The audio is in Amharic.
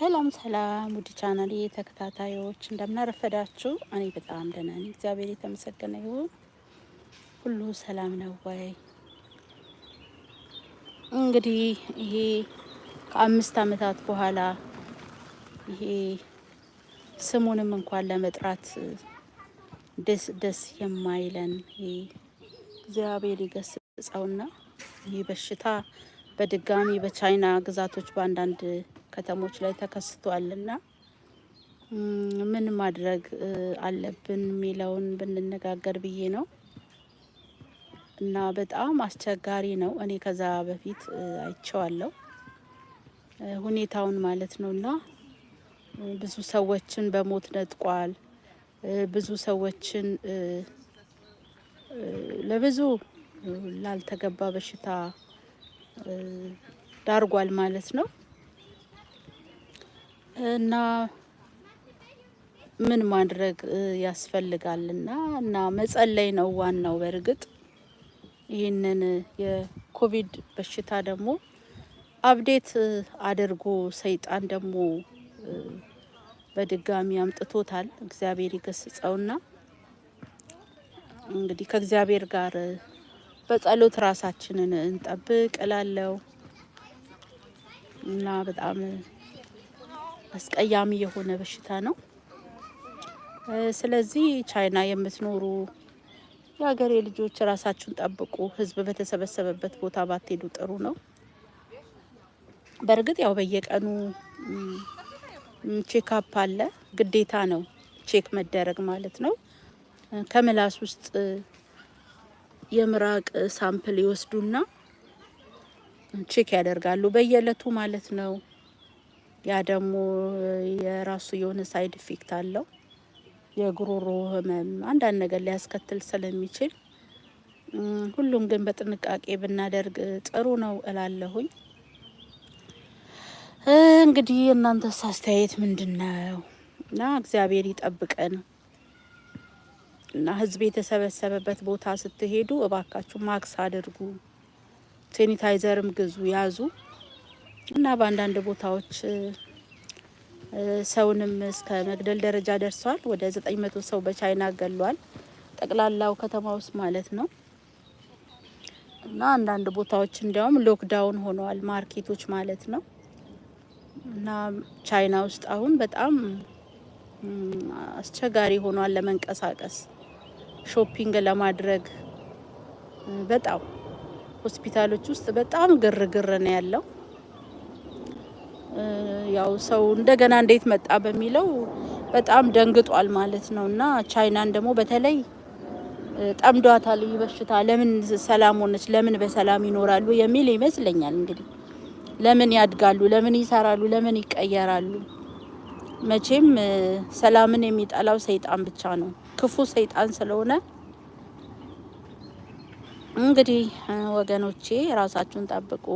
ሰላም ሰላም ውድ ቻናል ተከታታዮች እንደምናረፈዳችሁ፣ እኔ በጣም ደህና ነኝ፣ እግዚአብሔር የተመሰገነ ይሁን። ሁሉ ሰላም ነው ወይ? እንግዲህ ይሄ ከአምስት አመታት በኋላ ይሄ ስሙንም እንኳን ለመጥራት ደስ ደስ የማይለን ይሄ እግዚአብሔር ይገስጸውና ይህ በሽታ በድጋሚ በቻይና ግዛቶች በአንዳንድ ከተሞች ላይ ተከስቷልና ምን ማድረግ አለብን የሚለውን ብንነጋገር ብዬ ነው። እና በጣም አስቸጋሪ ነው። እኔ ከዛ በፊት አይቼዋለሁ ሁኔታውን ማለት ነው። እና ብዙ ሰዎችን በሞት ነጥቋል። ብዙ ሰዎችን ለብዙ ላልተገባ በሽታ ዳርጓል ማለት ነው። እና ምን ማድረግ ያስፈልጋል እና እና መጸለይ ነው ዋናው። በእርግጥ ይህንን የኮቪድ በሽታ ደግሞ አብዴት አድርጎ ሰይጣን ደግሞ በድጋሚ አምጥቶታል። እግዚአብሔር ይገስጸውና እንግዲህ ከእግዚአብሔር ጋር በጸሎት ራሳችንን እንጠብቅ እላለሁ እና በጣም አስቀያሚ የሆነ በሽታ ነው። ስለዚህ ቻይና የምትኖሩ የሀገሬ ልጆች ራሳችሁን ጠብቁ። ህዝብ በተሰበሰበበት ቦታ ባትሄዱ ጥሩ ነው። በእርግጥ ያው በየቀኑ ቼክአፕ አለ፣ ግዴታ ነው ቼክ መደረግ ማለት ነው። ከምላስ ውስጥ የምራቅ ሳምፕል ይወስዱና ቼክ ያደርጋሉ በየእለቱ ማለት ነው። ያ ደግሞ የራሱ የሆነ ሳይድ ኢፌክት አለው። የጉሮሮ ህመም፣ አንዳንድ ነገር ሊያስከትል ስለሚችል ሁሉም ግን በጥንቃቄ ብናደርግ ጥሩ ነው እላለሁኝ። እንግዲህ እናንተስ አስተያየት ምንድን ነው? እና እግዚአብሔር ይጠብቀን እና ህዝብ የተሰበሰበበት ቦታ ስትሄዱ እባካችሁ ማክስ አድርጉ፣ ሴኒታይዘርም ግዙ ያዙ። እና በአንዳንድ ቦታዎች ሰውንም እስከ መግደል ደረጃ ደርሷል። ወደ ዘጠኝ መቶ ሰው በቻይና ገሏል። ጠቅላላው ከተማ ውስጥ ማለት ነው። እና አንዳንድ ቦታዎች እንዲያውም ሎክዳውን ሆነዋል፣ ማርኬቶች ማለት ነው። እና ቻይና ውስጥ አሁን በጣም አስቸጋሪ ሆኗል ለመንቀሳቀስ፣ ሾፒንግ ለማድረግ በጣም ሆስፒታሎች ውስጥ በጣም ግርግር ነው ያለው። ያው ሰው እንደገና እንዴት መጣ በሚለው በጣም ደንግጧል ማለት ነው። እና ቻይናን ደግሞ በተለይ ጠምዷታል ይህ በሽታ። ለምን ሰላም ሆነች? ለምን በሰላም ይኖራሉ የሚል ይመስለኛል እንግዲህ ለምን ያድጋሉ? ለምን ይሰራሉ? ለምን ይቀየራሉ? መቼም ሰላምን የሚጠላው ሰይጣን ብቻ ነው፣ ክፉ ሰይጣን ስለሆነ እንግዲህ ወገኖቼ ራሳችሁን ጠብቁ።